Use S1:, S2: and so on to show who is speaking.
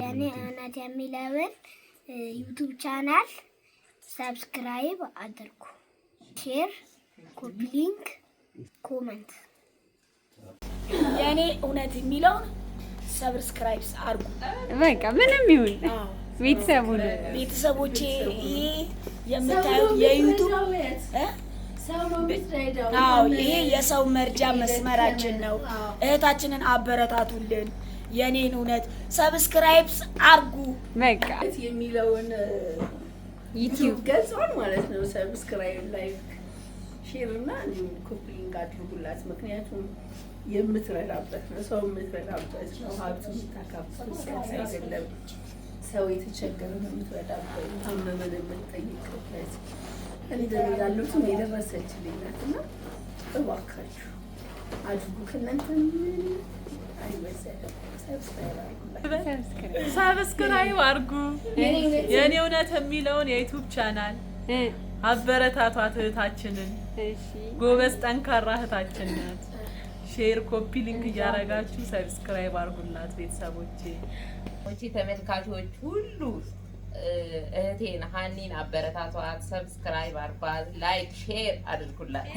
S1: የኔ እውነት የሚለውን ዩቱብ ቻናል ሰብስክራይብ አድርጉ፣ ሼር፣ ኮፒ ሊንክ፣ ኮመንት።
S2: የኔ እውነት የሚለውን ሰብስክራይብ አድርጉ።
S3: በቃ ምንም ይሁን ቤተሰቡ
S2: ቤተሰቦቼ የምታዩት የዩቱብ አዎ ይሄ የሰው መርጃ መስመራችን ነው። እህታችንን አበረታቱልን። የኔን እውነት ሰብስክራይብስ አርጉ።
S3: በቃ
S4: የሚለውን ዩቲዩብ ገጿን ማለት ነው። ሰብስክራይብ፣ ላይክ፣ ሼር እና ኮፕሊንግ አድርጉላት። ምክንያቱም የምትረዳበት ነው፣ ሰው የምትረዳበት ነው። ሀብት የምታካፍልበት አይደለም። ሰው የተቸገረ የምትረዳበት፣ ታመመን የምትጠይቅበት እንደኔ ላሉትም የደረሰችልኝ ናት እና እባካችሁ አድርጉ። ከእናንተ ምን አይወሰድም።
S3: ሰብስክራይብ አድርጉ። የእኔ እውነት የሚለውን የዩቱብ ቻናል አበረታቷት። እህታችንን ጎበዝ፣ ጠንካራ እህታችን ናት። ሼር፣ ኮፒ ሊንክ እያደረጋችሁ ሰብስክራይብ አድርጉላት ቤተሰቦቼ፣
S5: ተመልካቾች ሁሉ እህቴን ሀኒን አበረታቷት፣ ሰብስክራይብ አርጓት፣ ላይክ ሼር አድርጉላት።